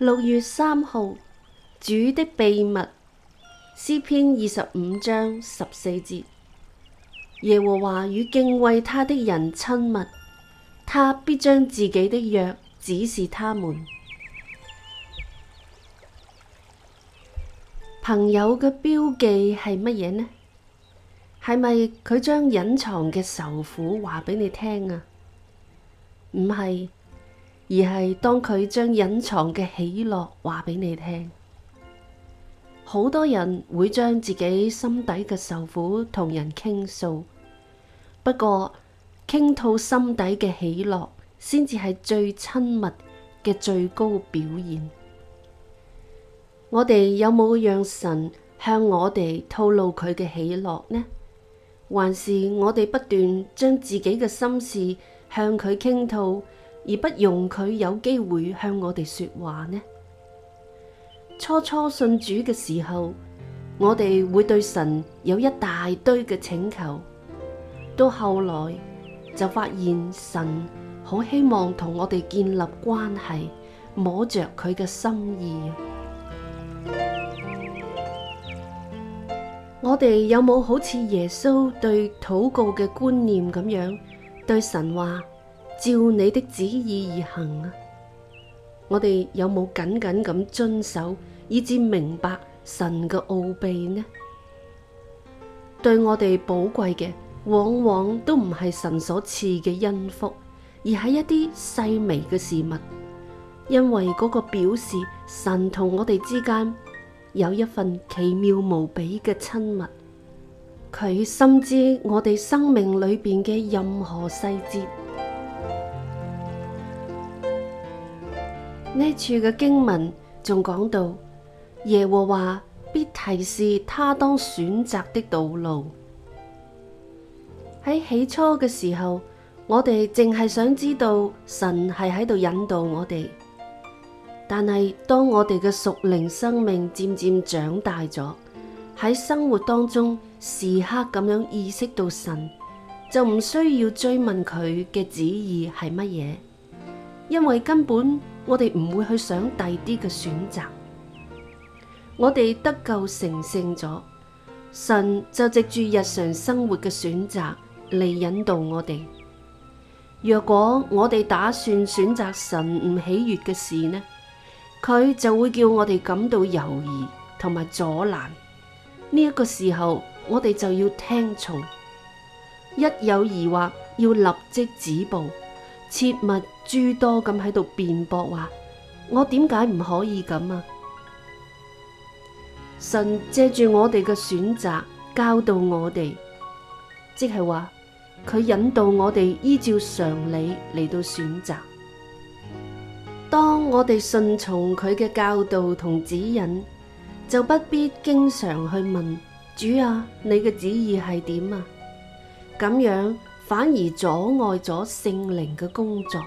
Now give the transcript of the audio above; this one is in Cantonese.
六月三號，主的秘密詩篇二十五章十四節，耶和華與敬畏他的人親密，他必將自己的約指示他們。朋友嘅標記係乜嘢呢？係咪佢將隱藏嘅仇苦話畀你聽啊？唔係。而係當佢將隱藏嘅喜樂話俾你聽，好多人會將自己心底嘅受苦同人傾訴，不過傾吐心底嘅喜樂，先至係最親密嘅最高表現。我哋有冇讓神向我哋吐露佢嘅喜樂呢？還是我哋不斷將自己嘅心事向佢傾吐？而不容佢有機會向我哋說話呢？初初信主嘅時候，我哋會對神有一大堆嘅請求，到後來就發現神好希望同我哋建立關係，摸着佢嘅心意。 我哋有冇好似耶穌對禱告嘅觀念咁樣對神話？照你的旨意而行啊！我哋有冇緊緊咁遵守，以至明白神嘅奧秘呢？對我哋寶貴嘅，往往都唔係神所賜嘅恩福，而係一啲細微嘅事物，因為嗰個表示神同我哋之間有一份奇妙無比嘅親密，佢深知我哋生命裏邊嘅任何細節。呢處嘅經文仲講到，耶和華必提示他當選擇的道路。喺起初嘅時候，我哋淨係想知道神係喺度引導我哋，但係當我哋嘅屬靈生命漸漸長大咗，喺生活當中時刻咁樣意識到神，就唔需要追問佢嘅旨意係乜嘢，因為根本。我哋唔會去想第啲嘅選擇，我哋得救成聖咗，神就藉住日常生活嘅選擇嚟引導我哋。若果我哋打算選擇神唔喜悅嘅事呢，佢就會叫我哋感到猶豫同埋阻攔。呢一個時候，我哋就要聽從，一有疑惑要立即止步。切勿諸多咁喺度辯駁，話我點解唔可以咁啊？神借住我哋嘅選擇，教導我哋，即係話佢引導我哋依照常理嚟到選擇。當我哋順從佢嘅教導同指引，就不必經常去問主啊，你嘅旨意係點啊？咁樣。反而阻礙咗聖靈嘅工作。